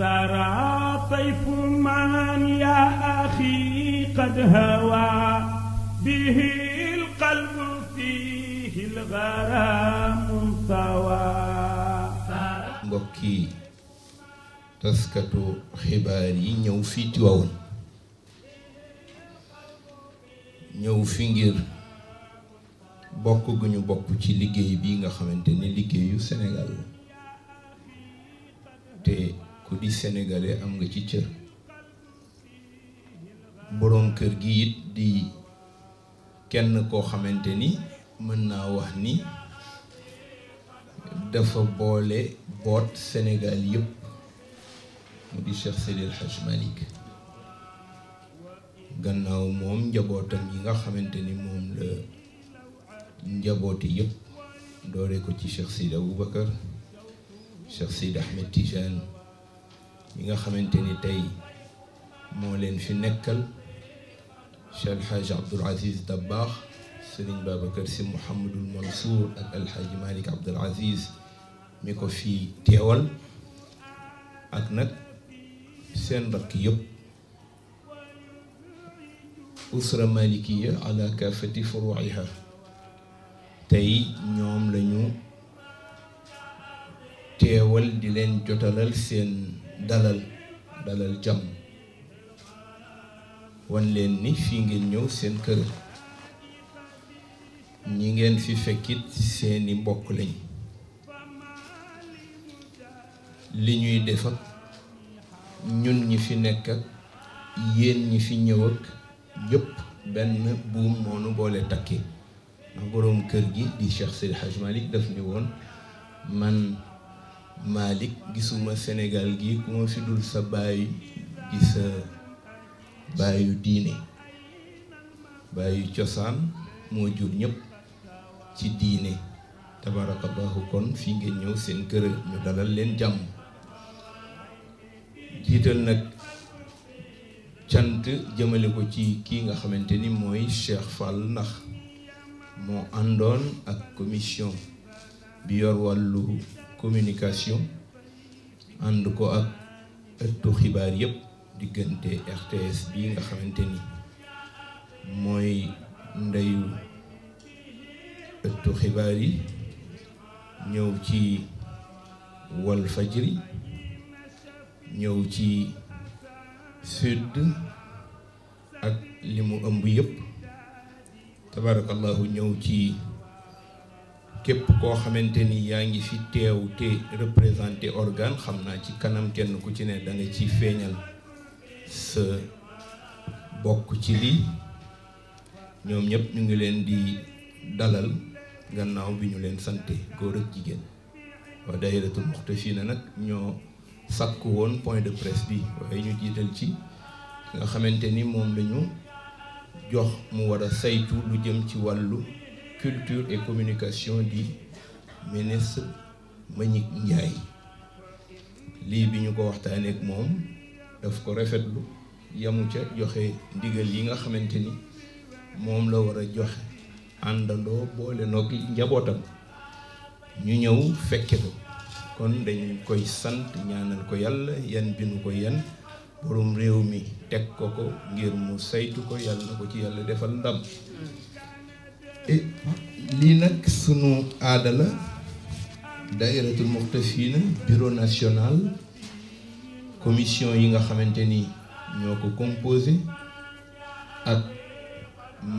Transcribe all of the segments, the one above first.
سرى طيف معا يا أخي قد هوى به القلب فيه الغرام mbokki taskatu xibaar yi ñëw fii Tiwaawan ñëw fi ngir bokk gu ñu bokk ci liggéey bi nga xamante ni liggéeyu Sénégal la ku di sénégalais am nga ci cër boroom kër gi it di kenn koo xamante ni mën naa wax ni dafa boole boot Sénégal yëpp mu di Cheikh Seydi El gannaaw moom njabootam yi nga xamante ni moom la njabooti yëpp doore ko ci Cheikh Seydi Aboubacar Cheikh Seydi Ahmed Tijane yi nga xamante ni tey moo leen fi nekkal Cheikh El Hadj Abdoul Aziz Dabakh Serigne Babacar Sy Mouhamadul Mansour ak El Hadj Malick Aziz mi ko fi teewal ak nag seen rakk yëpp usra malikiya ala kaafati furuiha tey ñoom lañu teewal di leen jotalal seen dalal dalal jàmm wan ni fii ngeen ñëw seen kër ñi ngeen fi fekkit seeni bokk lañu li ñuy def ak ñun ñi fi nekk ak yéen ñi fi ñëw yépp benn buum moonu boole takki ndax boroom kër gi di Cheikh Seydi Hadj Malick ni woon man malik gisuma Sénégal gi ku ma fi dul sa baay di sa baayu diine baayu cosaan moo jur ñépp ci diine tabarakallahu kon fii ngeen ñëw seen kër ñu dalal leen jàmm jiital nag cant jëmale ko ci kii nga xamante ni mooy Cheikh Fall ndax moo àndoon ak commission bi yor wàllu communication ànd ko ak ëttu xibaar yëpp diggante RTS bi nga xamante ni mooy ndeyu ëttu xibaar yi ñëw ci wal ñëw ci sud ak limu ëmb yëpp tabarakallahu ñëw ci képp koo xamante ni yaa ngi fi teewu te représenté organe xam naa ci kanam kenn ku ci ne da nga ci feeñal sa bokk ci lii ñoom ñëpp ñu ngi leen di dalal gannaaw bi ñu leen sante góor ak jigéen waa dayratul muxtafina nag ñoo sàkk woon point de presse bi waaye ñu jiital ci nga xamante ni moom lañu jox mu war a saytu lu jëm ci wàllu culture et communication di ministre Mbagnick Ndiaye lii bi ñu ko waxtaanee ak moom daf ko rafetlu yamu ca joxe ndigal yi nga xamante ni moom la war a jox àndandoo boole nokki njabootam ñu ñëw fekke ko kon dañ koy sant ñaanal ko yàlla yan bi nu ko yan borom réew mi teg ko ko ngir mu saytu ko yàlla na ko ci yàlla defal ndam lii nag sunu aada la dairatul muxtafina bureau national commission yi nga xamante ni ñoo ko composé ak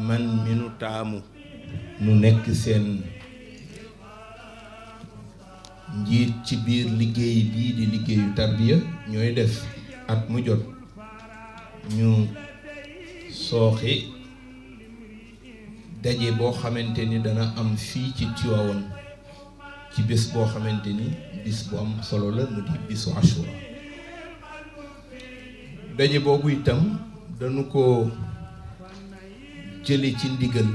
man mi nu taamu nu nekk seen njiit ci biir liggéey bii di liggéeyu tarbiya ñooy def at mu jot ñu sooxi daje boo xamante ni dana am fii ci Tiwaawan ci bés boo xamante ni bis bu am solo la mu di bisu Ashura daje boobu itam danu ko jële ci ndigal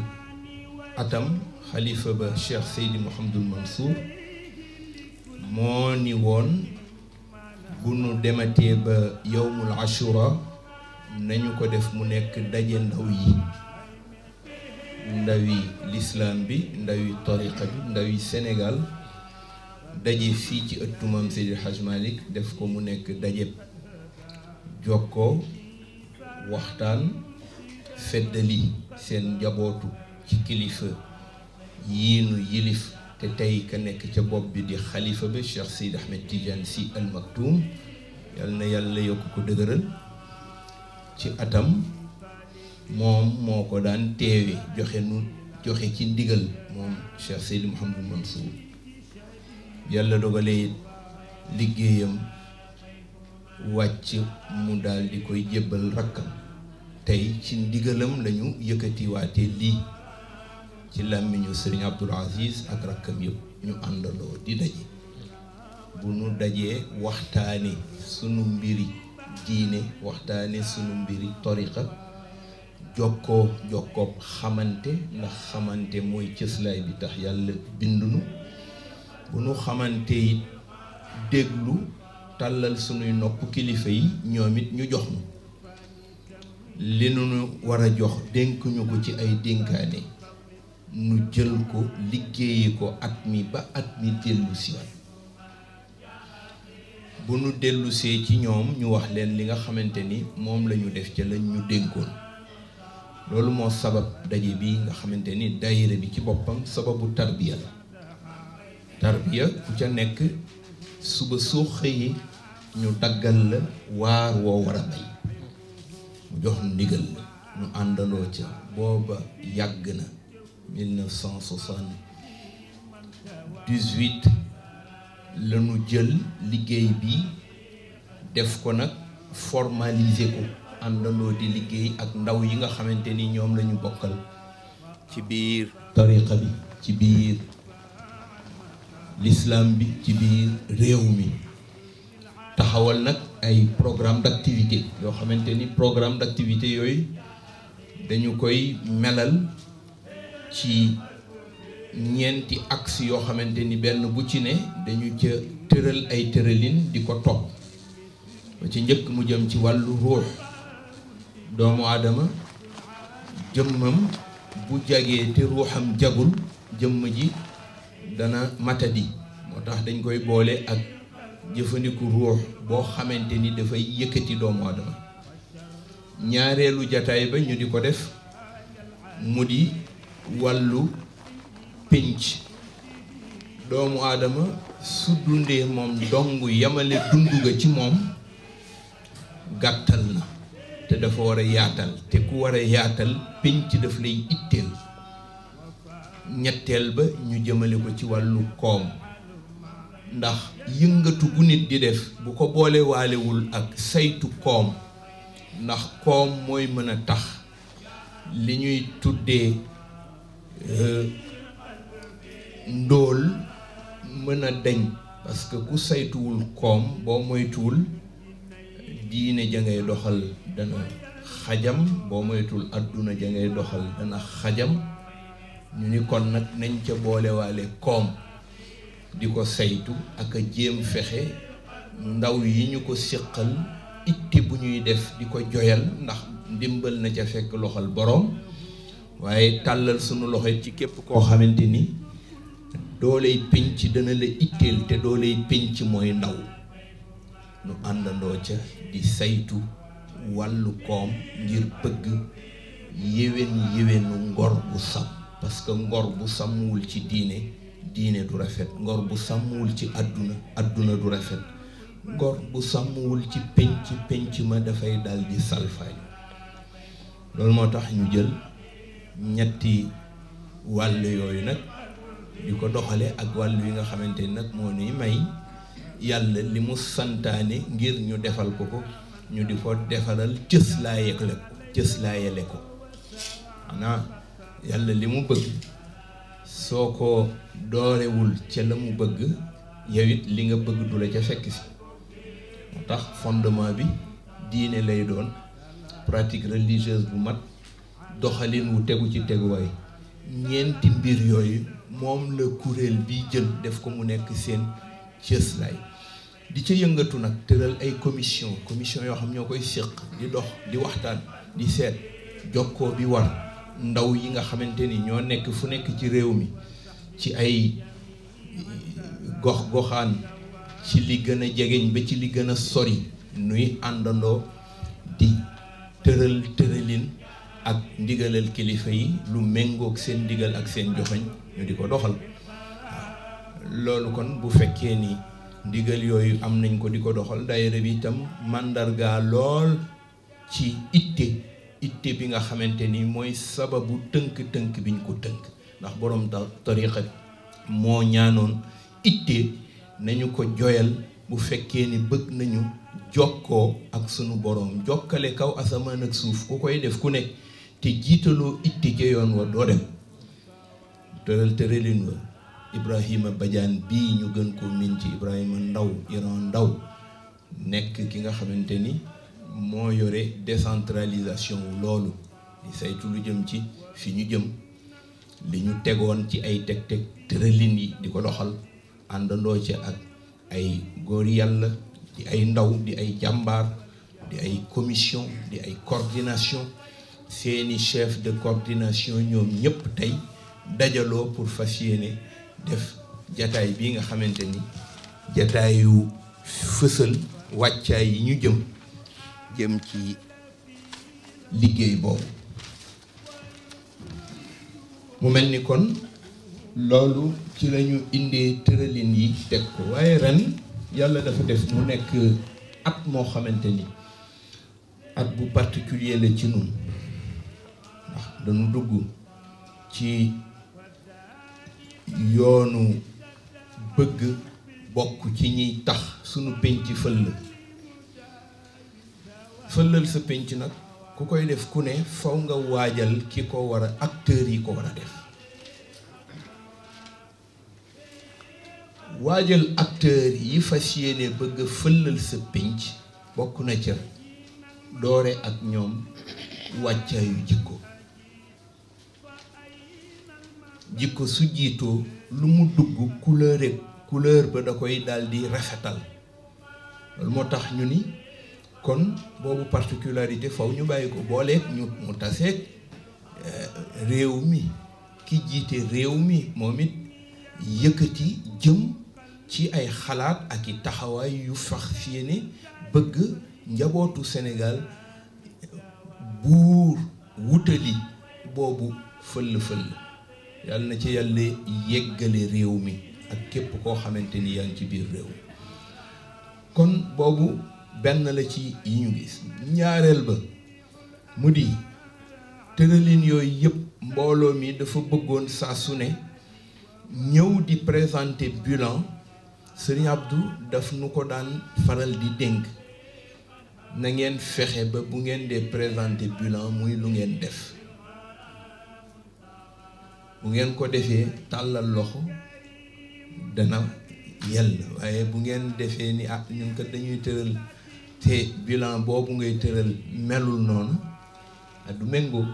atam xalifa ba Cheikh Seydi Mouhamadul Mansour moo ni woon bu nu ba yowmul Ashura nañu ko def mu nekk daje ndaw yi ndawi lislaam bi ndawi tariqa bi ndawi senegaal daje fii ci ëttu maam Seydi Hadj def ko mu nekk dajeb jokkoo waxtaan feddali seen jabootu ci kilifa yiinu yilif te tey ka nekk ca bopp bi di xalifa ba Cheikh Seyd Ahmed Tidiane Sy Al Maktoum yal na yàlla yokk ko dëgëral ci atam moom moo ko daan teewe joxe nu joxe ci ndigal moom Cheikh Seydi Mouhamadou Mansour yàlla dogalee liggéeyam wàcc mu daldi koy jébbal rakkam tey ci ndigalam lañu yëkkatiwaatee lii ci làmmiñu sëriñ Abdoul Aziz ak rakkam yëpp ñu àndaloo di daje bu nu dajee waxtaane sunu mbiri diine waxtaane sunu mbiri tariqa jokkoo jokkoob xamante ndax xamante mooy cëslaay bi tax yàlla bindunu bu nu xamante it déglu tàllal sunuy nokku kilifa yi ñoom it ñu jox nu li nu war a jox dénk ko ci ay dénkaane nu jël ko liggéeyi ko at mi ba at mi dellu bu nu dellusee ci ñoom ñu wax leen li nga xamante ni moom lañu def ca lañ ñu dénkoon loolu moo sabab daje bi nga xamante ni daayira bi ci boppam sababu tarbiya la tarbiya ku ca nekk suba soo xëyee ñu daggal la waar woo war bay mu jox ndigal la ñu àndandoo ca booba yàgg na 1978 la ñu jël liggéey bi def ko nag formaliser ko àndandoo di liggéey ak ndaw yi nga xamante ni ñoom lañu bokkal ci biir tariqa bi ci biir lislaam bi ci biir réew mi taxawal nag ay programme d'activité yoo xamante ni programme d'activité yooyu dañu koy melal ci ñeenti axe yoo xamante ni benn bu ci ne dañu ca tëral ay tëralin di ko topp ba ci njëkk mu jëm ci wàllu ruux doomu aadama jëmmam bu jagee te ruuxam jagul jëmm ji dana matadi moo tax dañ koy boole ak jëfandiku ruux boo xamante ni dafay yëkkati doomu aadama ñaareelu jataay ba ñu di ko def mu di wàllu pénc doomu aadama su dundee moom dong yamale dund ga ci moom gàttal na te dafa war a yaatal te ku war a yaatal pénc daf lay itteel ñetteel ba ñu jëmale ko ci wàllu koom ndax yëngatu gu nit di def bu ko boole waalewul ak saytu koom ndax koom mooy mën a tax li ñuy tuddee euh, ndóol mën a dañ parce que ku saytuwul koom boo moytuwul diine ja ngay doxal dana xajam boo moyetul adduna ja ngay doxal dana xajam ñu ni kon nag nañ ca boolewaale koom di ko saytu ak a jéem fexe ndaw yi ñu ko siqal itti bu ñuy def di ko joyal ndax ndimbal na ca fekk loxol boroom waaye tàllal sunu loxo ci képp koo xamante ni dooley pénc dana la itteel te dooley pénc mooy ndaw nu àndandoo ca di saytu wàllu koom ngir bëgg yéwén yéwénu ngor bu sam parce que ngor bu sàmmuwul ci diine diine du rafet ngor bu sàmmuwul ci àdduna àdduna du rafet ngor bu sàmmuwul ci pénc pénc ma dafay dal di salfaañ loolu moo tax ñu jël ñetti wàll yooyu nag di ko doxalee ak wàll yi nga xamante nag moo nuy may yàlla li mu santaane ngir ñu defal ko ko ñu di ko defaral cës laa yëgle cës laa ko maanaam yàlla li mu bëgg soo ko doorewul ca la mu bëgg yow it li nga bëgg du la ca fekk si mu tax fondement bi diine lay doon pratique religieuse bu mat doxalin wu tegu ci teguwaay ñeenti mbir yooyu moom la kuréel bi jël def ko mu nekk seen cëslaay di ca yëngatu nag tëral ay commission commission yoo xam ñoo koy séq di dox di waxtaan di seet jokkoo bi war ndaw yi nga xamante ni ñoo nekk fu nekk ci réew mi ci ay gox goxaan ci li gën a jegeñ ba ci li gën a sori nuy àndandoo di tëral tëralin ak ndigalal kilifa yi lu méngoog seen ndigal ak seen joxañ ñu di ko doxal loolu kon bu fekkee ni ndigal yooyu am nañ ko di ko doxal daayira bi itam màndarga lool ci itte itte bi nga xamante ni mooy sababu tënk-tënk biñ ko tënk ndax borom tariqa moo ñaanoon itte nañu ko joyal bu fekkee ni bëgg nañu jokkoo ak sunu borom jokkale kaw asamaan ak suuf ku koy def ku nekk te jiitaloo itte ca yoon wa doo dem tëral tëralin wa Ibrahima Badiane bii ñu gën koo miin ci Ibrahima Ndaw Iran Ndaw nekk ki nga xamante ni moo yore décentralisation loolu di saytu lu jëm ci fi ñu jëm li ñu tegoon ci ay teg-teg tëralin yi di ko doxal àndandoo ci ak ay góor yàlla di ay ndaw di ay jàmbaar di ay commission di ay coordination seeni chef de coordination ñoom ñëpp tey dajaloo pour fas def jataay bii nga xamante ni jataayu fësal wàccaay yi ñu jëm jëm ci liggéey boobu mu mel ni kon loolu ci lañu indee tërëlin yi teg ko waaye ren yàlla dafa def mu nekk at moo xamante ni at bu particulier la ci nun ndax dañu dugg ci yoonu bëgg bokk ci ñiy tax sunu penc fëll fëllal sa penc nag ku koy def ku ne faw nga waajal ki ko war a yi ko war def waajal acteur yi fas yéene bëgg fëlal sa penc bokk na ca doore ak ñoom wàccaayu jikko jikko su jiitoo lu mu dugg couleur ak couleur ba da koy daldi rafetal loolu moo tax ñu ni kon boobu particularité faw ñu bàyyi ko booleeg ñu mu taseeg euh, réew mi ki jiite réew mi moom it yëkkati jëm ci ay xalaat ak i taxawaay yu fax fii ne bëgg njabootu Sénégal buur wutali boobu fëll-fëll yàlla na ci yàlla yeggale réew mi ak képp koo xamante ni yaa ci biir réew mi kon boobu benn la ci yi ñu gis ñaareel ba mu di tëralin yooyu yëpp mbooloo mi dafa bëggoon saa su ne ñëw di présenter bilan Serigne Abdou daf nu ko daan faral di dénk na ngeen fexe ba bu ngeen dee présenter bilan muy lu ngeen def bu ngeen ko defee tàllal loxo dana yell waaye bu ngeen defee ni ah ñun kat dañuy tëral te bilan boobu ngay tëral melul noonu ah, du méngoo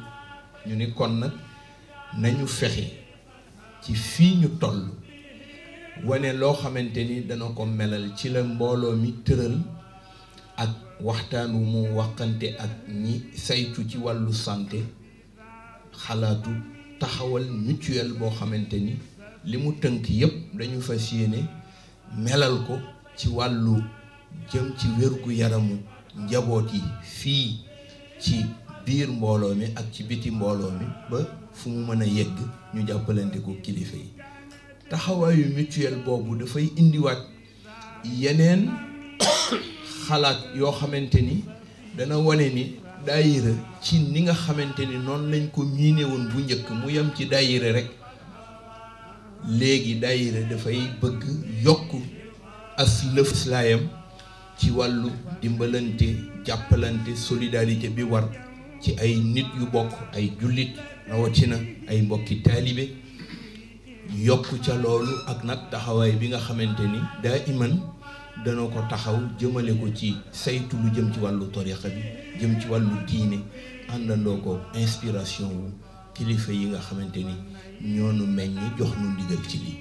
ñu ni kon nag nañu fexe ci fii ñu toll wane loo xamante ni dana ko melal ci la mbooloo mi tëral ak waxtaan wu mu waxante ak ñi saytu ci wàllu sante xalaatu taxawal mutuel boo xamante ni li mu tënk yépp dañu fa yéene melal ko ci wàllu jëm ci wérgu yaramu njaboot yi fii ci biir mbooloo mi ak ci biti mbooloo mi ba fu mu mën a yegg ñu jàppalante ko kilifa yi taxawaayu mutuelle boobu dafay indiwaat yeneen xalaat yoo xamante ni dana wone ni ab daayira ci ni nga xamante ni noonu lañ ko miine woon bu njëkk mu yem ci daayira rek léegi daayira dafay bëgg yokk as ci wàllu dimbalante jàppalante solidarité bi war ci ay nit yu bokk ay jullit rawatina ay mbokki taalibe yokk ca loolu ak nag taxawaay bi nga xamante ni daa iman dana ko taxaw jëmale ko ci saytu lu jëm ci wàllu tariqa bi jëm ci wàllu diine àndandoo ko inspiration wu kilifa yi nga xamante ni ñoonu meññ jox nu ndigal ci lii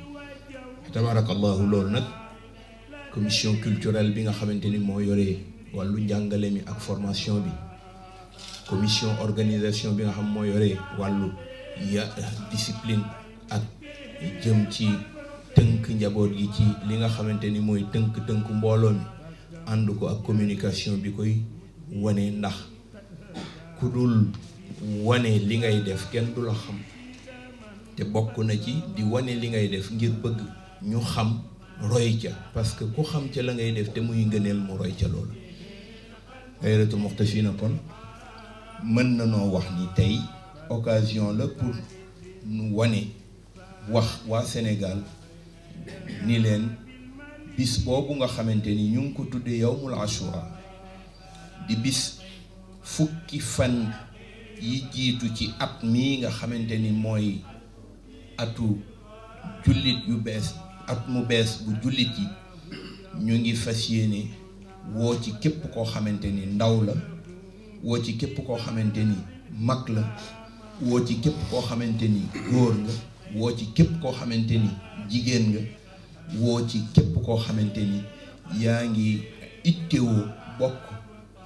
tabarakallahu loolu nag commission culturelle bi nga xamante ni moo yore wàllu njàngale mi ak formation bi commission organisation bi nga xam moo yore wàllu ya discipline ak jëm ci tënk njaboot gi ci li nga xamante ni mooy tënk tënk mbooloo mi ànd ko ak communication bi koy wane ndax ku dul wane li ngay def kenn du la xam te bokk na ci di wane li ngay def ngir bëgg ñu xam roy ca parce que ku xam ca la ngay def te muy ngëneel mu roy ca loolu Dahiratoul Muqtafina kon mën na noo wax ni tey occasion la pour nu wane wax waa Sénégal ni leen bis boobu nga xamante ni ñu ngi ko tuddee yowmul ashura di bis fukki fan yi jiitu ci at mii nga xamante ni mooy atu jullit yu bees at mu bees bu jullit yi ñu ngi fas yéene woo ci képp koo xamante ni ndaw la woo ci képp koo xamante ni mag la woo ci képp koo xamante ni góor nga woo ci képp koo xamante ni jigéen nga woo ci képp koo xamante ni yaa ngi ittewoo bokk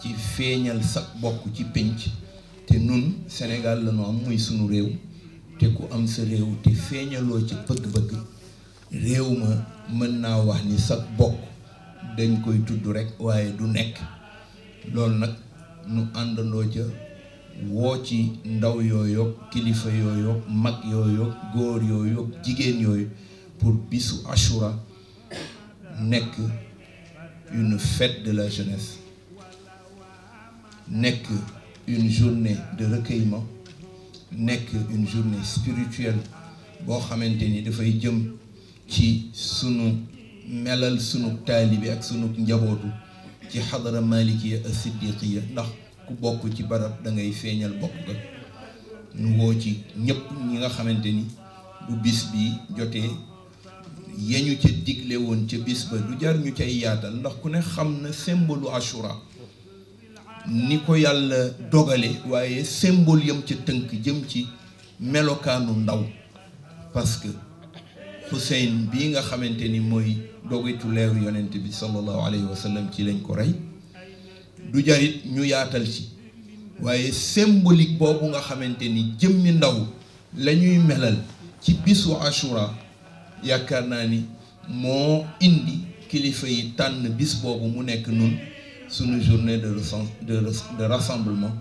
ci feeñal sag bokk ci pénc te nun senegal la ñu am muy sunu réew te ku am sa réew te feeñaloo ci bëgg-bëgg réew ma mën naa wax ni sag bokk dañ koy tudd rekk waaye du nekk loolu nag nu àndandoo ca woo ci ndaw yooyu kilifa yooyu mag yooyu góor yooyu jigéen yooyu pour bisu Ashura nekk une fête de la jeunesse nekk une journée de recueillement nekk une journée spirituelle boo xamante ni dafay jëm ci sunu melal sunu taalibi ak sunu njabootu ci xadara malikiya ak siddiqiya ndax ku bokk ci barab da ngay feeñal bokk nu woo ci ñëpp ñi nga xamante ni bu bis bi jotee yañu ca digle woon ca bis ba du jar ñu cay yaatal ndax ku ne xam na symbolu Ashura ni ko yàlla dogale waaye symbole yam ca tënk jëm ci melokaanu ndaw parce que Hussein bii nga xamante ni mooy dogitu leeru yonent bi sallallahu alayhi wa ci lañ ko rey du jarit ñu yaatal ci waaye symbolique boobu nga xamante ni jëmmi ndaw lañuy ñuy melal ci bisu Ashura yaakaar naa ni moo indi kilifa yi tànn bis boobu mu nekk nun suñu journée de de rassemblement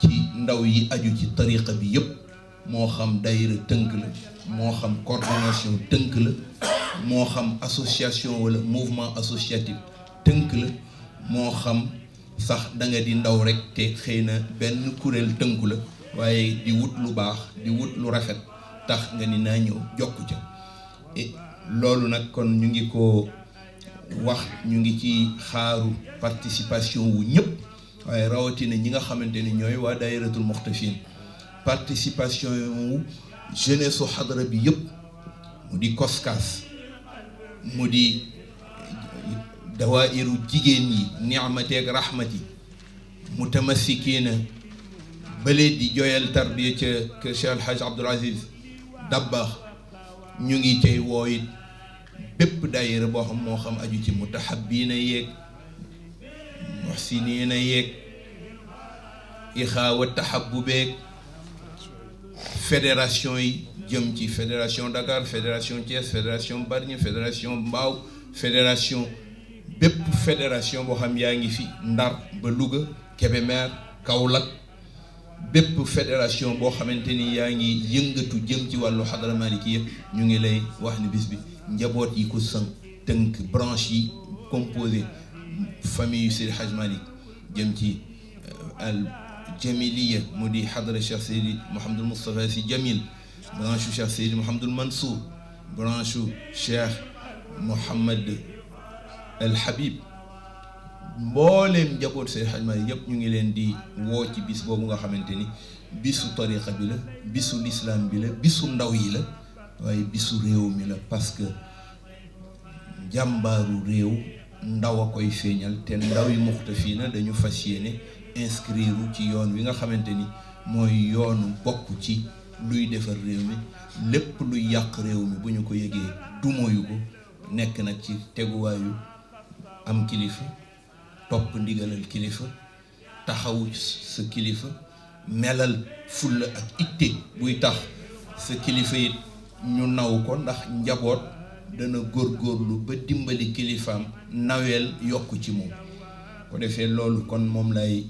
ci ndaw yi aju ci tariqa bi yëpp moo xam daayira tënk la moo xam coordination tënk la moo xam association wala mouvement associatif tënk la moo xam sax da nga di ndaw rek te xëy na benn kuréel tënku la waaye di wut lu baax di wut lu rafet tax nga ni naa ñëw jokk ca loolu nag kon ñu ngi ko wax ñu ngi ci xaaru participation wu ñëpp waaye rawatina ñi nga xamante ni ñooy waa daayiratul muxtafin participation wu jeunesse su xadara bi yëpp mu di koskaas mu di dawaayiru jigéen yi nicmateeg rahmat yi mutamassikiina bële di jooyal tarbiya ca kër Cheikh Alhaj Aziz Dabakh ñu ngi cay wooyit bépp daayira boo xam moo xam aju ci mutahabbiina yeeg muhsiniina yeeg ixaawa tahabubeeg fédération yi jëm ci fédération Dakar fédération Thiès fédération Bargny fédération Mbao fédération bépp fédération boo xam yaa ngi fi Ndar ba Louga Kébémer Kaolack bépp fédération boo xamante ni yaa ngi yëngatu jëm ci wàllu xadara maliki yëpp ñu ngi lay wax ni bis bi njaboot yi ko sën tënk branche yi composé famille yu Seydi Hadj Malick jëm ci euh, al jamiliya mu di xadara Cheikh Seydi Mouhamadul Moustapha Sy Jamil branche u Cheikh Seydi Mouhamadul Mansour branche u Cheikh Mouhamad al Habib mbooleem njaboot seen xajma yëpp ñu ngi leen di woo ci bis boobu nga xamante ni bisu tariqa bi la bisu lislaam bi la bisu ndaw yi la waaye bisu réew mi la parce que jàmbaaru réew ndaw a koy feeñal te ndaw yi na dañu fas yéene inscrire ci yoon wi nga xamante ni mooy yoonu bokk ci luy defar réew mi lépp luy yàq réew mi bu ñu ko yëgee du moyu ko nekk nag ci teguwaayu am kilifa topp ndigalal kilifa taxawu sa kilifa melal fulla ak itte buy tax sa kilifa it ñu naw ko ndax njaboot dana góorgóorlu ba dimbali kilifaam naweel yokk ci moom ko defee loolu kon moom lay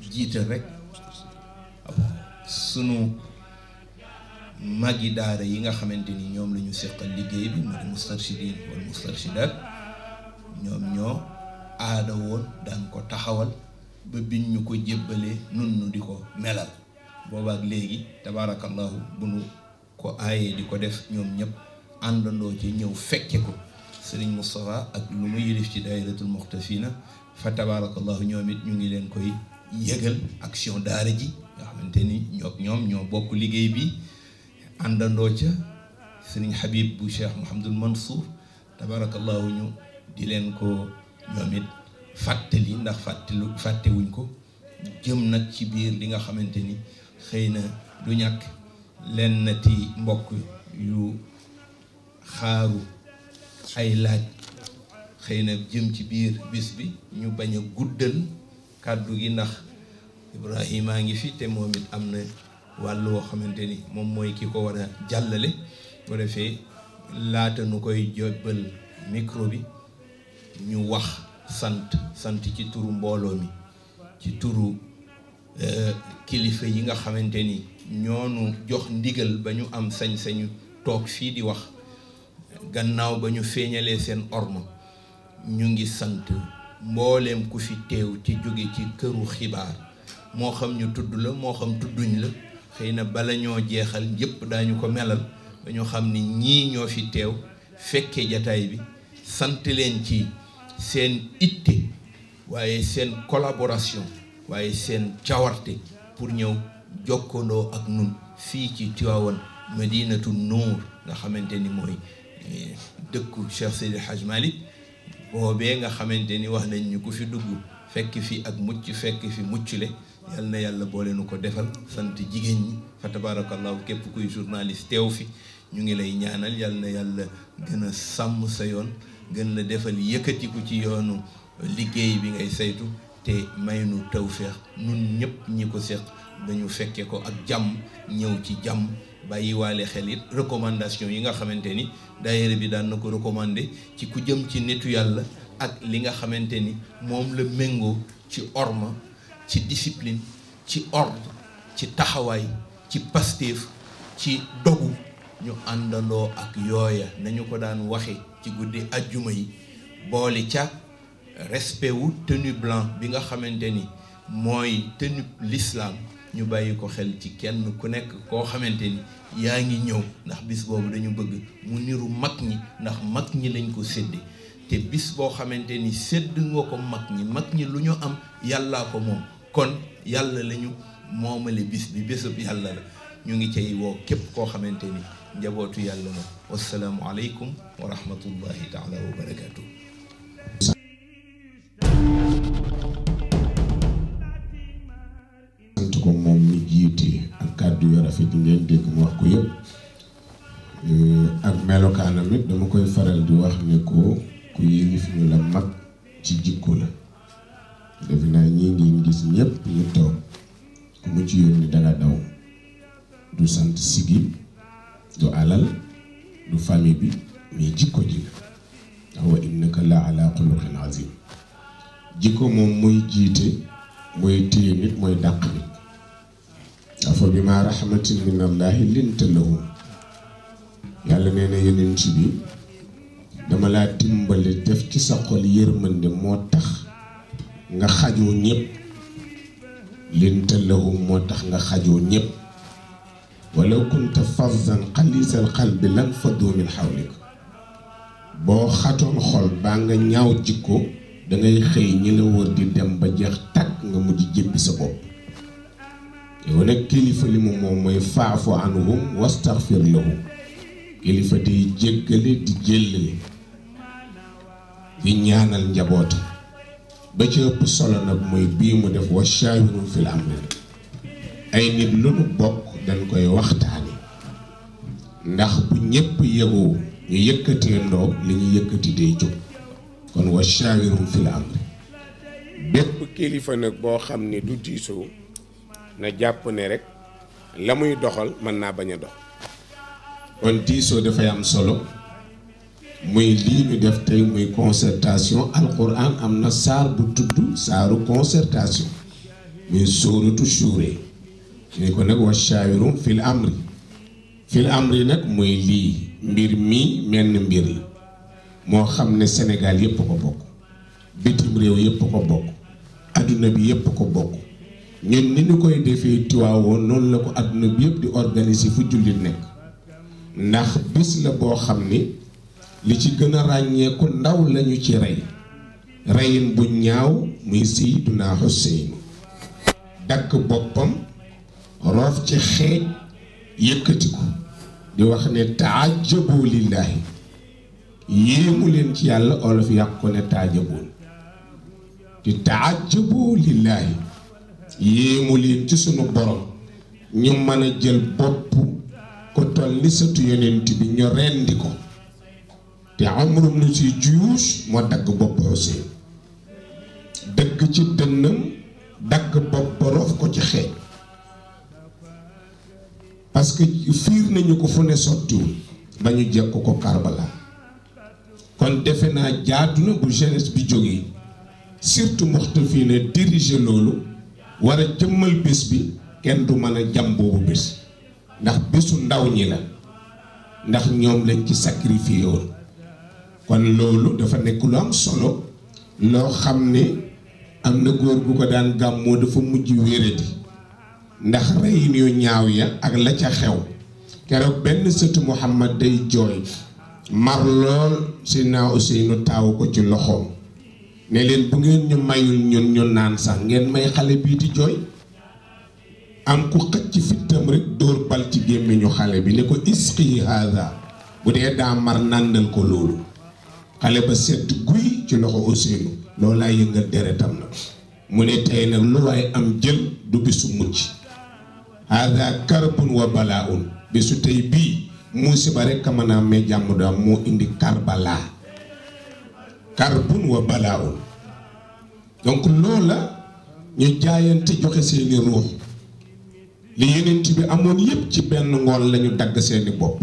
jiite rek sunu magi daara yi nga xamante ni ñoom lañu ñu liggéey bi mu di mustarshidin wal mustarshidat ñoom ñoo aada woon daan ko taxawal ba biñ ñu ko jébbalee nun nu di ko melal boobaak léegi tabaarakallaahu bu nu ko aayee di ko def ñoom ñëpp àndandoo ci ñëw fekke ko sëriñ Moustapha ak lu mu yilif ci daayiratul muxtafina fa tabaarakallaahu ñoom it ñu ngi leen koy yëgal action daara ji nga xamante ni ñoog ñoom ñoo bokk liggéey bi àndandoo ca sëriñ Habib bu Cheikh Mouhamadul Mansour tabaarakallaahu ñu di leen ko ñoom it fàttali ndax fàttelu fàttewuñ ko jëm nag ci biir li nga xamante ni xëy na du ñàkk lenn ti mbokk yu xaaru ay laaj xëy na jëm ci biir bis bi ñu bañ a guddal kàddu gi ndax Ibrahima ngi fi te moom it am na wàll xamante ni moom mooy ki ko war a jàllale bu defee laata nu koy jobbal micro bi ñu wax sant sant ci turu mbooloo mi ci turu euh, kilifa yi nga xamante ni ñoonu jox ndigal ba ñu am sañ-sañu toog fii di wax gannaaw ba ñu feeñalee seen orma ñu ngi sant mbooleem ku fi teew ci jóge ci këru xibaar moo xam ñu tudd la moo xam tudduñ la xëy na bala ñoo jeexal yépp daañu ko melal ba ñu xam ni ñii ñoo fi teew fekke jataay bi sant leen ci seen itte waaye seen collaboration waaye seen cawarte pour ñëw jokkandoo ak nun fii ci Tivaouane Madinatu Nuur nga xamante ni mooy eh, dëkku Cheikh Seydi Hadj Malick boobee nga xamante ni wax nañ ñu ku fi dugg fekk fi ak mucc fekk fi muccule yal na yàlla boole nu ko defal sant jigéen ñi fa tabarakallahu képp kuy journaliste teew fi ñu ngi lay ñaanal yal na yàlla gën a sàmm sa yoon gën la defal yëkkatiku ci yoonu liggéey bi ngay saytu te may nu tawféex nun ñëpp ñi ko seq ba ñu fekke ko ak jàmm ñëw ci jàmm bàyyiwaale xel it recommandation yi nga xamante ni daayira bi daan na ko recommandé ci ku jëm ci nitu yàlla ak li nga xamante ni moom la méngoo ci orma ci discipline ci ordre ci taxawaay ci pastéef ci dogu ñu àndaloo ak yooya nañu ko daan waxe ci guddi ajjuma yi boole ca respect tenu blanc bi nga xamante ni mooy tenue l'islam ñu bàyyi ko xel ci kenn ku nekk koo xamante ni yaa ngi ñëw ndax bis boobu dañu bëgg mu niru mag ñi ndax mag ñi lañ ko sédde te bis boo xamante ni sédd nga ko mag ñi mag ñi lu ñu am yàllaa ko moom kon yàlla lañu moomale bis bi bésub yàlla la ñu ngi cay woo képp koo xamante ni jabootu yàlla ma wassalaamu aleykum wa rahmatullahi taala wa barakaatu. ko moom mi jiite ak kàddu yu yi ngeen dégg mu wax ko yëpp ak melokaanam dama koy faral di wax ne ko ku yilif ñu la mag ci jikko la defe naa ñii ngeen gis ñëpp ñu toog ku mu ci yónni danga daw du sant sigi du alal du famille bi mais jikko ji ndax wa innaka la ala xuluqin azim jikko moom mooy jiite mooy téye nit mooy dàq nit afa bi ma rahmatin min allahi yàlla nee na yeneen ci bi dama laa dimbali def ci sa xol yërmande moo tax nga xajoo ñépp linta moo tax nga xajoo ñëpp walaw kunta fazzan xalisal xalbi lan faddu min xawlik boo xatoon xol baa nga ñaw jikko dangay xëy ñi la wër di dem ba jeex tàkk nga mujj jébbi sa bopp yow nag kilifa li mu moom mooy faafu anhum wastaxfir lahum kilifa di jéggale di jéllale di ñaanal njaboot ba ci ëpp solo nag mooy bii mu def wa shaawirun fil amri ay nit lu nu bokk dañ koy waxtaani ndax bu ñépp yëgoo ñu yëkkatee ndoo li ñu yëkkati day jóg kon wa shaawirum fil amri bépp kilifa nag boo xam ne du diisoo na jàpp ne rek la muy doxal mën naa bañ a dox kon diisoo dafay am solo muy lii ñu def tey muy concertation alquran am na saar bu tudd saaru concertation muy sóoratu suuree ñu ko nag wa shaawirum fil amri nag mooy lii mbir mii menn mbir la moo xam ne Sénégal yépp ko bokk bitim réew yépp ko bokk adduna bi yépp ko bokk ñun ni ñu koy defee Tiwaawoon noonu la ko adduna bi yépp di organiser fu jullit nekk ndax bis la boo xam ni li ci gën a ràññeeku ndaw lañu ci rey reyin bu ñaaw muy Seydina Hussein dakk boppam roof ci xeej yëkkati ko di wax ne taajabu lillaahi yéemu leen ci yàlla olof yàq ko ne taajaboon di taajabu lillaahi yéemu leen ci sunu borom ñu mën a jël bopp ko toll ni sëtu yonent bi ñu rendi ko te amrum nu ci juus moo dagg bopp Ousseyn dëgg ci dënnam dagg bopp roof ko ci xeej parce que fiir nañu ko fu ne sottiwul ba ñu jekk ko Karbala kon defe naa jaadu na bu jeunesse bi jógee surtout fii ne diriger loolu war a jëmmal bés bi kenn du mën a jam boobu bés ndax bésu ndaw ñi la ndax ñoom lañ ci sacrifié woon kon loolu dafa nekk lu am solo loo xam ne am na góor gu ko daan gàmmoo dafa mujj wéradi ndax reyin yu ñaaw ya ak la ca xew keroog benn sëtu Muhammad day jooy mar lool Seydina Useynu taawu ko ci loxoom ne leen bu ngeen ñu mayul ñun ñu naan sax ngeen may xale bii di jooy am ku xëcc fittam rek dóor bal ci gémmiñu xale bi ne ko isqi haada bu dee daa mar nàndal ko loolu xale ba set guy ci loxo Ousseynou loolaa yëngal deretam na mu ne tey nag lu waaye am jël du bisu mucc hada karbun wa balaaun bésu tey bii musiba rek a mën a amee jàmm daam moo indi karbala karbun wa balaaun donc loola ñu jaayante joxe seeni ruux li yenent bi amoon yépp ci benn ngoon lañu dagg seeni bopp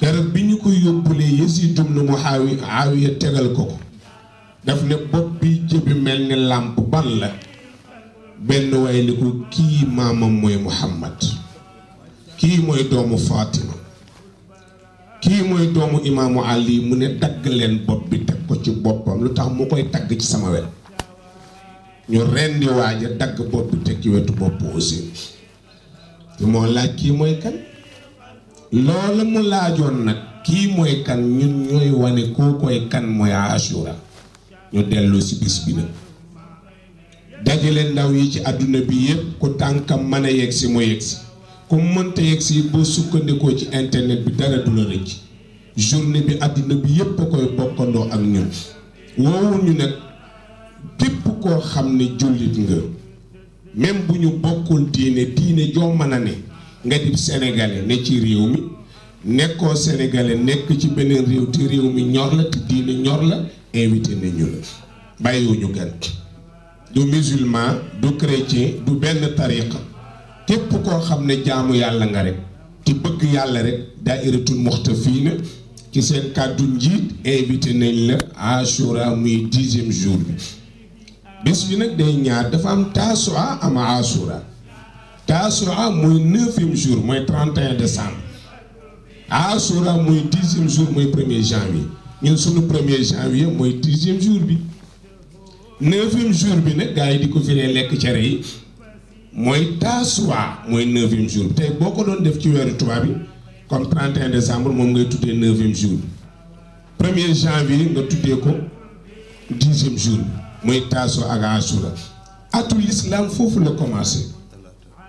keroog bi ñu ko yóbbulee Yasidum nu mu xaawi aawiya tegal ko ko daf ne bopp bi jëbi mel ni làmp ban la benn waay ni ko kii maamam mooy Muhammad kii mooy doomu Fatima kii mooy doomu imaamu Ali mu ne dagg leen bopp bi teg ko ci boppam lu tax mu koy tagg ci sama wet ñu rendi waaja dagg bopp bi teg ci wetu bopp aussi moo laaj kii mooy kan loolu mu laajoon nag kii mooy kan ñun ñooy wane koo koy kan mooy Ashura ñu dellu si bis bi nag dajale ndaw yi ci àdduna bi yëpp ku tànkam mën a yegg si mu yegg si ku mënta yegg si boo sukkandikoo ci internet bi dara du la rëcc journée bi àdduna bi yëpp a koy bokkandoo ak ñun ñu nag képp koo xam ne jullit nga même bu ñu bokkul diine diine joo mën a ne nga di sénégalais ne ci réew mi nekkoo sénégalais nekk ci beneen réew te réew mi ñor la te diine ñor la invité nañu la bàyyiwuñu gan du musulman du chrétien du benn tariqa képp koo xam ne jaamu yàlla nga rek ci bëgg yàlla rek daairatul muxtafiina ci seen kàddu njiit invité nañ la Ashura muy dixième jour bi bés bi nag day ñaar dafa am taasua am Ashura taasua mooy neuvième jour mooy 31 décembre Ashura mooy dixième jour mooy premier janvier ñun sunu premier janvier mooy dixième jour bi. neuvième jour bi nag gars di ko firee lekk cere yi mooy taasuwaa mooy neuvième jour bi tey boo ko doon def ci weeru tubaab bi comme 31 décembre moom ngay tuddee neuvième jour bi premier janvier nga tuddee ko dixième jour bi mooy taasu ak asura atu l'islam foofu la commencé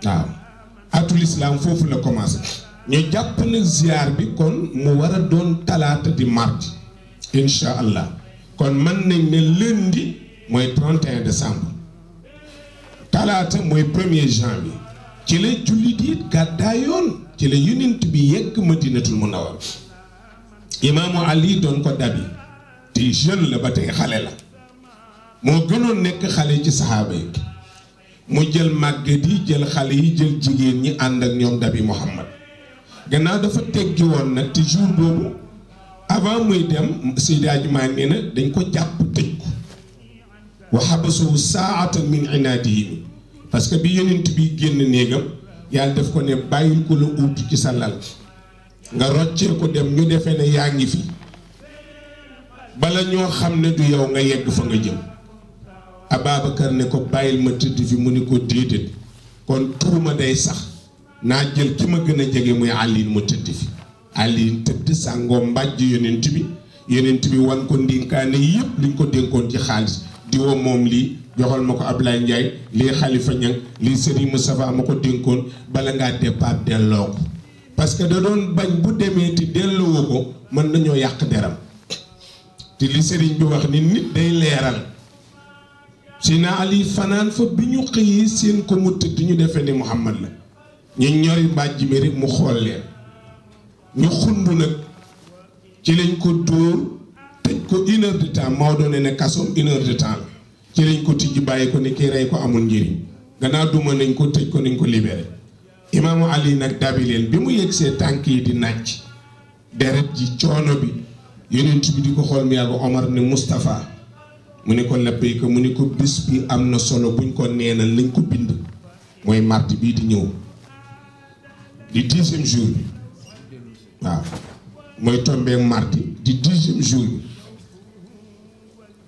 waaw atu l'islam foofu la commencé ñu jàpp nag ziar bi kon mu war doon talaata di mardi incha allah kon mën nañ ne lundi mooy 31 décembre talaata mooy premier er janvier ci la jullit yi gàddaayoon ci la yonent bi yegg madinatul munawwar imaamu ali doon ko dabi te jeune la ba tey xale la moo gënoon nekk xale yi ci saxaaba yi mu jël màgget yi jël xale yi jël jigéen ñi ànd ak ñoom dabi muhammad gannaaw dafa teggi woon nag te jour boobu avant muy dem Seydi Aji na dañ ko jàpp tëj wa xabasuhu saatan min inaadihim parce que bi yonent bi génn néegam yaa daf ko ne bàyyil ko la uutu ci sa lal nga roccee ko dem ñu defe ne yaa ngi fi bala ñoo xam ne du yow nga yegg fa nga jëm Ababacar ne ko bàyyil ma tëdd fi mu ne ko déedéet kon tuuma day sax naa jël ki ma gën a jege muy Aliin mu tëdd fi Aliin tëdd sàngoo mbàjj yonent bi yonent bi wan ko ndénkaane yépp liñ ko dénkoon ci xaalis diwa moom lii joxal ma ko Ablaye Ndiaye lii Khalifa Niang lii Serigne Moustapha ma ko dénkoon bala ngaa départ delloo ko parce que da doon bañ bu demee ti delloo ko mën nañoo yàq deram te li Serigne bi wax ni nit day leeral si na Ali fanaan fa bi ñu xëyee seen ko mu tëdd ñu defee ni Muhammad la ñu ñori mbàjj mi mu xool leen ñu xund nag ci lañ ko dóor tëj ko une heure de temps Maodo ne ne kasoom une heure de temps la ci lañ ko tijji bàyyi ko ni kii rey ko amul njëriñ gannaaw duma nañ ko tëj ko nañ ko libéré imaamu Ali nag dabi bi mu yegsee tànk yi di nàcc deret ji coono bi yonent bi di ko xool mu yàgg Omar ne Moustapha mu ne ko labbay ko mu ne ko bis bi am na solo buñ ko neenal lañ ko bind mooy mardi bii di ñëw di dixième jour bi waaw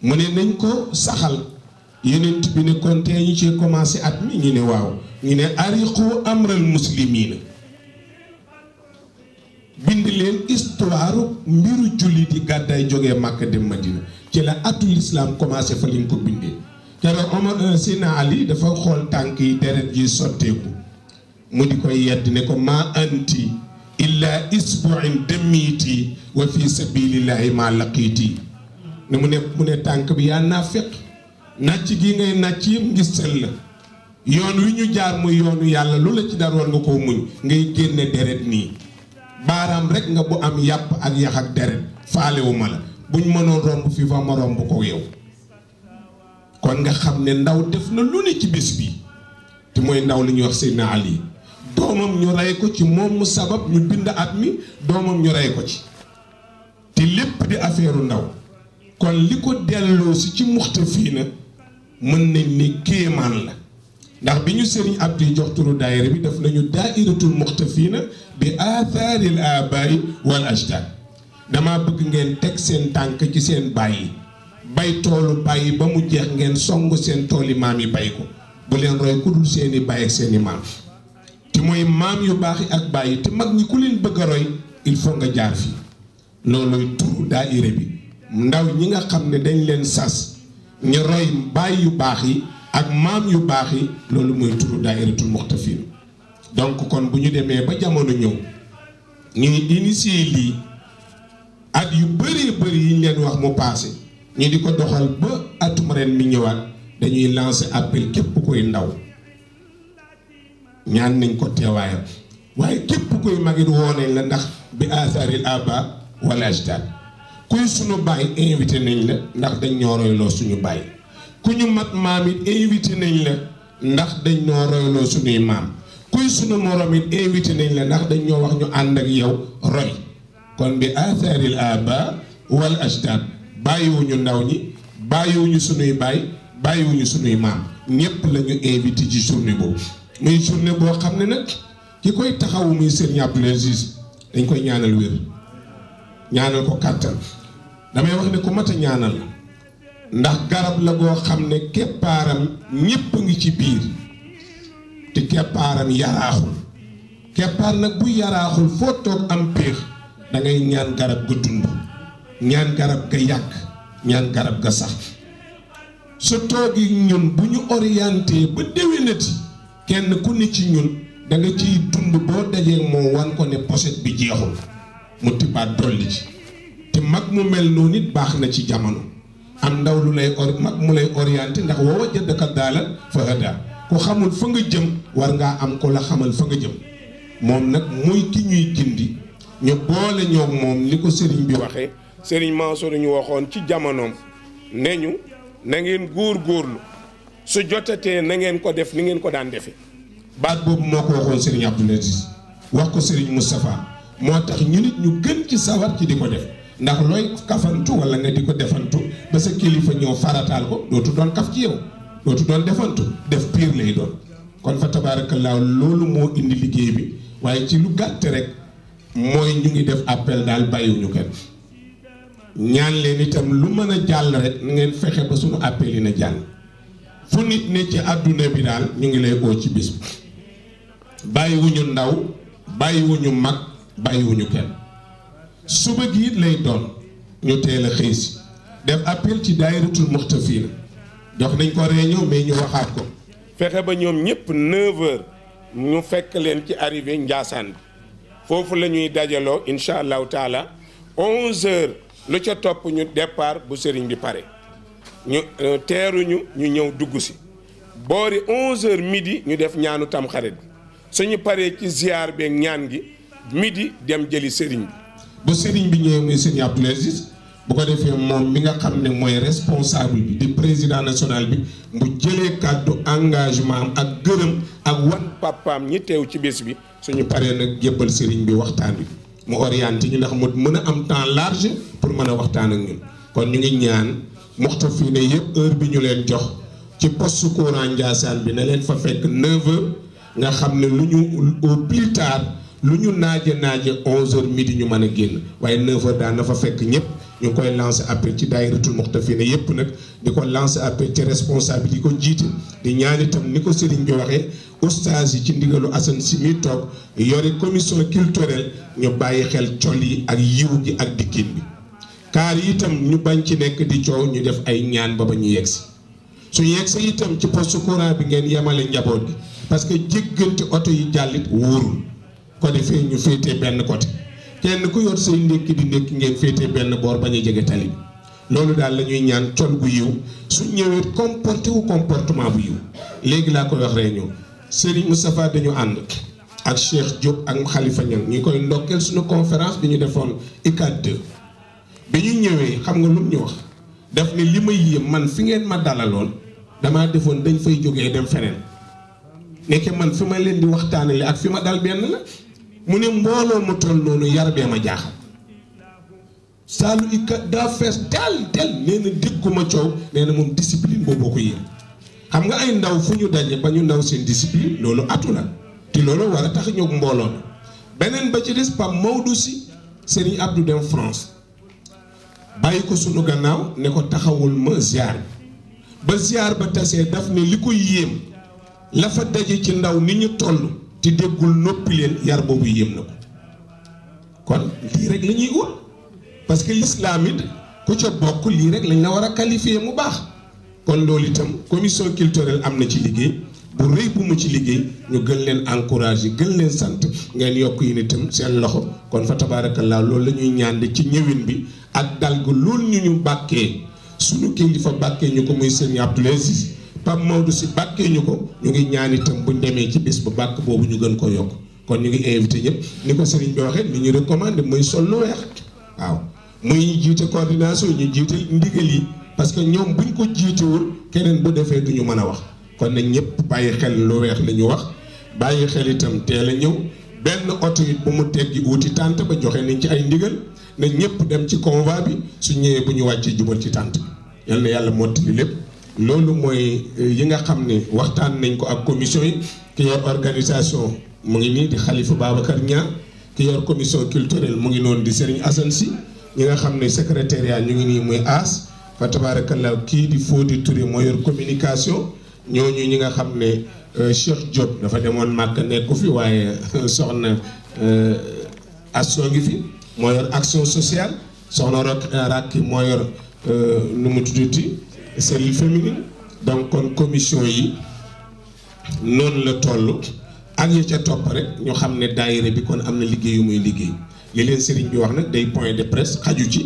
mu ne nañ ko saxal yonent bi ne kon ñu ci commencé at mi ngi ne waaw ngi ne ariqu amral muslimiina bind leen histoire mbiru jullit yi gàddaay jógee Màkka dem Madina ci la atul islam commencé fa liñ ko bindee keroog Omar euh, Sina Ali dafa xool tànk yi deret ji sotteeku mu di koy yedd ne ko maa anti illa isbuin demiiti wa fi sabilillahi ma laqiiti ne mu ne mu ne tànk bi yaa naafeq nàcc gi ngay nàcc yëpp ngis seen la yoon wi ñu jaar muy yoonu yàlla lu la ci dar war nga koo muñ ngay génne deret nii baaraam rek nga bu am yàpp ak yax deret faalewuma la buñ mënoon romb fii fa ma romb ko yow kon nga xam ne ndaw def na lu ne ci bis bi te mooy ndaw li ñuy wax Seydina Ali doomam ñu rey ko ci moom mu sabab ñu bind at mi doomam ñu rey ko ci te lépp di affaire ndaw kon li ko delloo si ci muxtafiina mën nañ ne kéemaan la ndax bi ñu sëriñ Abdi jox turu daayira bi daf nañu daairatul muxtafiina bi aathaaril abaay wal ajdaad dama bëgg ngeen teg seen tànk ci seen bàyyi bay toolu bàyyi ba mu jeex ngeen song seen tooli maam yi bay ko bu leen roy ku dul seeni bàyyi ak seeni maam te mooy maam yu baax yi ak bàyyi te mag ñi ku leen bëgg roy il faut nga jaar fii noonu turu daayira bi ndaw ñi nga xam ne dañ leen sas ñu roy baay yu baax yi ak maam yu baax yi loolu mooy turu daayiratul muxtafin donc kon bu ñu demee ba jamono ñëw ñuy initier lii at yu bëree bëri yi leen wax mu paase ñu di ko doxal ba atum ren mi ñëwaat dañuy lancer appel képp koy ndaw ñaan nañ ko teewaayam waaye képp koy magit woo nañ la ndax bi atharil aba wala ajdad kuy suñu baay invité nañ la ndax dañ ñoo royloo suñu baay ku ñu mat maam it invité nañ la ndax dañ ñoo royloo suñuy maam kuy suñu morom it invité nañ la ndax dañ ñoo wax ñu ànd ak yow roy kon bi atharil aba wal ajdad bàyyiwuñu ndaw ñi bàyyiwuñu suñuy baay bàyyiwuñu suñuy maam ñépp la ñu invité ci journée boobu muy journée boo xam ne nag ki koy taxawu muy Serigne Abdoul Aziz dañ koy ñaanal wér ñaanal ko kàttan damay wax ne ku mat a ndax garab la goo xam ne keppaaram ñépp ngi ci biir te keppaaram yaraaxul keppaar nag bu yaraaxul foo toog am péex da ñaan garab ga dund ñaan garab ga yàgg ñaan garab ga sax su toogi ñun bu ñu orienté ba déwénati kenn ku ne ci ñun da nga ciy dund boo dajee moom wan ko ne pochette bi jeexul mu tibaat dolli ci mag mu mel noonu it baax na ci jamono am ndaw lu lay or mag mu lay orienté ndax woowa jënd ka daala fa hada ku xamul fa nga jëm war ngaa am ko la xamal fa nga jëm moom nag muy ki ñuy gindi ñu boole ñoom moom li ko sëriñ bi waxee sëriñ Mansour ñu waxoon ci jamonoom ne ñu na ngeen góor góorlu su jotatee na ngeen ko def ni ngeen ko daan defee baat boobu moo ko waxoon sëriñ Abdoul Aziz wax ko sëriñ Moustapha moo tax ñu nit ñu gën ci sawar ci di ko def ndax looy kafantu wala nga di ko defantu ba sa kilifa ñëw farataal ko dootu doon kaf ci yow dootu doon defantu def piir lay doon kon fa tabaarakallaahu loolu moo indi liggéey bi waaye ci lu gàtt rek mooy ñu ngi def appel daal bàyyiwuñu kenn ñaan leen itam lu mën a jàll rek ngeen fexe ba sunu appel yi na jàll fu nit ne ci àdduna bi daal ñu ngi lay oo ci bis bi bàyyiwuñu ndaw bàyyiwuñu mag bàyyiwuñu kenn suba gi it lay doon ñu teel a xëy si def appel ci daayiratul muxtafina jox nañ ko réunion mais ñu waxaat ko fexe ba ñoom ñëpp 9h ñu fekk leen ci arrivé Njaasaan bi foofu la ñuy dajaloo incha allahu taala 11h lu ca topp ñu départ bu sëriñ bi pare ñu euh, teeruñu ñu ñëw dugg si boori 11h midi ñu def ñaanu tamxarit bi suñu paree ci ziar beeg ñaan gi midi dem jëli sëriñ bi. ba sëriñ bi ñëwee muy sëriñ Abdoul Aziz bu ko defee moom mi nga xam ne mooy responsable bi di président national bi mu jëlee kàddu engagement ak gërëm ak wan papaam ñi teew ci bés bi suñu paree nag jébbal sëriñ bi waxtaan bi mu orienté ñu ndax mu mën a am temps large pour mën a waxtaan a ñun kon ñu ngi ñaan muxtafine yëpp heure bi ñu leen jox ci post courant Ndiassane bi ne leen fa fekk 9 nga xam ne lu ñu au plus tard. lu ñu naaje naaje 11h midi ñu mën a génn waaye 9 daan na fa fekk ñëpp ñu ngi koy lancé après ci daayiratul muxtafina yëpp nag di ko lancé appel ci responsable yi ko jiite di ñaan itam ni ko sëriñ bi waxee ustaas yi ci ndigalu Assane si mi toog yore commission culturelle ñu bàyyi xel col yi ak yiw gi ak dikkin bi kaar yi itam ñu bañ ci nekk di coow ñu def ay ñaan ba ñu yegg si su yegg si itam ci poste courant bi ngeen yemale njaboot bi parce que jéggante oto yi jàllit ko defee ñu féetee benn côté kenn ku yor say ndékki di ndékki ngeen féetee benn boor bañ a jege tali loolu daal la ñuy ñaan col gu yiw su ñëwee comporté wu comportement bu yiw léegi laa ko wax rek ñu Serigne Moustapha dañu ànd ak Cheikh Diop ak xalifa Niang ñu koy ndokkeel suñu conférence bi ñu defoon ICAD 2 bi ñu ñëwee xam nga lu ñu wax def ne li ma yéem man fi ngeen ma dalaloon damaa defoon dañ fay jóge dem feneen nekke man fi ma leen di waxtaanale ak fi ma dal benn mu ne mbooloo mu toll noonu yar bee ma jaaxal saalu ikka daa fees del del nee na coow nee na moom discipline boobu ko yéen xam nga ay ndaw fu ñu daje ba ñu ndaw seen discipline loolu atu la te loolu war a tax ñëw mbooloo la beneen ba ci des Pape du si Serigne Abdou dem France bàyyi ko sunu gannaaw ne ko taxawul ma ziar ba ziar ba tasee daf ne li ko yéem la fa daje ci ndaw ni ñu toll. ci déggul noppi leen yar boobu yéem na ko kon lii rek la ñuy parce que l'islam it ku ca bokk lii rek lañ la war a qualifier mu baax kon loolu itam commission culturelle am na ci liggéey bu rëy bu mu ci liggéey ñu gën leen encourage yi gën leen sant ngeen yokk yi itam seen loxo kon fa tabaarakallaa loolu la ñuy ñaande ci ñëwin bi ak dal gu loolu ñu ñu bàkkee suñu kilifa bàkkee ñu ko muy sëñ Abdoul Aziz Pape Maodo si bàkkee ñu ko ñu ngi ñaan itam buñ demee ci bis bu bàkk boobu ñu gën ko yokk kon ñu ngi invité ñëpp ni ko sëriñ bi waxee li ñu recommandé muy sol lu weex muy jiite coordination ñu jiite ndigal yi parce que ñoom buñ ko jiitewul keneen bu defee du ñu mën a wax kon nag ñëpp bàyyi xel lu weex la wax bàyyi xel itam teel a ñëw benn oto it bu mu teggi wuti tànt ba joxe ni ci ay ndigal na ñëpp dem ci convoi bi su ñëwee bu ñu wàccee jubal ci tànt bi yal na yàlla mottali lépp loolu mooy eh, yi nga xam ne waxtaan nañ ko ak commission yi ki yor organisation mu ngi nii di Khalifa Babacar Niang ki yor commission culturel mu ngi noonu di Serigne Assane Sy ñi nga xam ne secrétariat ñu ngi nii muy aas fa tabarakallah kii di Fodi Touré moo yor communication ñooñu ñi nga xam ne eh, Cheikh jot dafa demoon màkk nekku fi waaye eh, soxna asso ngi fi moo yor action sociale soxna rak rakki moo yor nu mu tuddati série féminine donc kon commission yi noonu la toll ak ya ca topp rek ñu xam ne daayira bi kon am na liggéeyu muy liggéey li leen sëriñ bi wax nag day point de presse xaju ci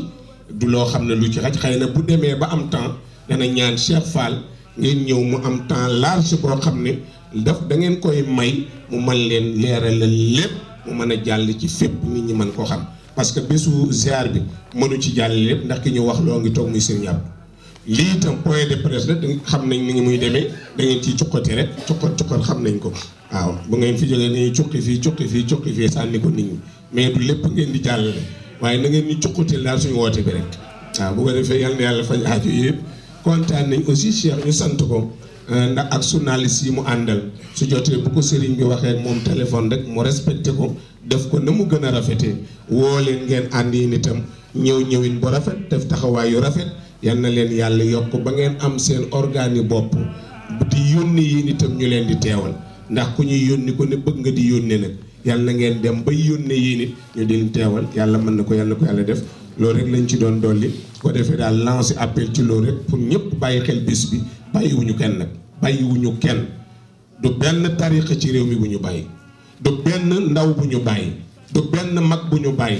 du loo xam ne lu ci xaj xëy na bu demee ba am temps dana ñaan Cheikh Fall ngeen ñëw mu am temps large boo xam ne daf da ngeen koy may mu mën leen leeralal lépp mu mën a jàll ci fépp nit ñi mën ko xam parce que bésu ziar bi mënu ci jàll lépp ndax ki ñu wax loo ngi toog muy sëriñ Abdou lii itam point de presse la xam nañ ni ngi muy demee da ngeen ciy cuqati rek cuqat cuqat xam nañ ko waaw bu ngeen fi jógee nii cuqi fii cuqi fii cuqi fii sànni ko nit ñi mais du lépp ngeen di jàllale waaye na ngeen ñu cuqatil daal suñu woote bi rek waaw bu ko defee yal na yàlla faj aajo yëpp kontaan nañ aussi Cheikh ñu sant ko euh, ndax ak su journaliste yi mu àndal su jotee bu ko sëriñ bi waxee moom téléphone rek mu respecté ko def ko ni mu gën a rafetee woo leen ngeen ànd yi ñëw ñëwin bu rafet def taxawaay yu rafet yan na leen yàlla yokk ba ngeen am seen organe bopp di yónni yéen itam ñu leen di teewal ndax ku ñuy yónni ko ne bëgg nga di yónnee nag yàlla na ngeen dem bay yónnee yéen it ñu di teewal yàlla mën na ko yàlla ko yàlla def loolu rek lañ ci doon dolli ko defee daal lancé appel ci loolu rek pour ñëpp bàyyi xel bis bi bàyyiwuñu kenn nag bàyyiwuñu kenn du benn tariqa ci réew mi bu ñu bàyyi du benn ndaw bu ñu bàyyi du benn mag bu ñu bàyyi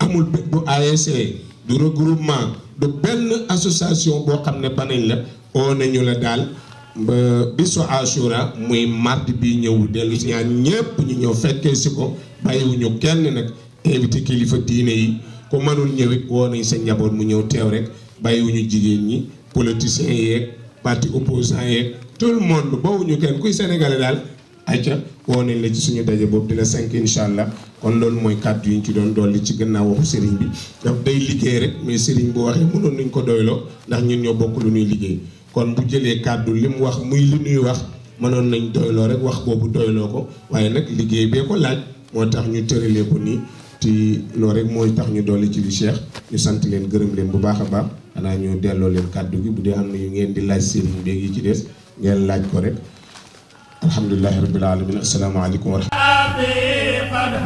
amul bu ASC e. du regroupement du benn association boo xam ne banañ la oo nañu la daal ba bisu Achoura muy mardi bi ñëw dellu si ñaan ñépp ñu ñëw fekkee si ko bàyyiwuñu kenn nag invité kilifa diine yi ku mënul ñëwit woo nañ sa njaboot mu ñëw teew rek bàyyiwuñu jigéen ñi politiciens yeeg parti opposant yeeg tout le monde ñu kenn kuy sénégalais daal acca woo nañ la ci suñu daje boobu di la cinq incha allah kon loolu mooy kàddu yi ñu ci doon dolli ci gannaaw waxu sëriñ bi daf day liggéey rek mais sëriñ bu waxee mënoon nañ ko doyloo ndax ñu ñoo bokk lu ñuy liggéey kon bu jëlee kàddu li mu wax muy li ñuy wax mënoon nañ doyloo rek wax boobu doyloo ko waaye nag liggéey bee ko laaj moo tax ñu tëralee ko nii ti loo rek mooy tax ñu dolli ci li Cheikh ñu sant leen gërëm leen bu baax a baax xanaa ñu delloo leen kàddu gi bu dee am na yu ngeen di laaj sëriñ beeg yi ci des ngeen laaj ko rek alhamdulilahi rabbil alamin asalaamaaleykum wa rahmatulah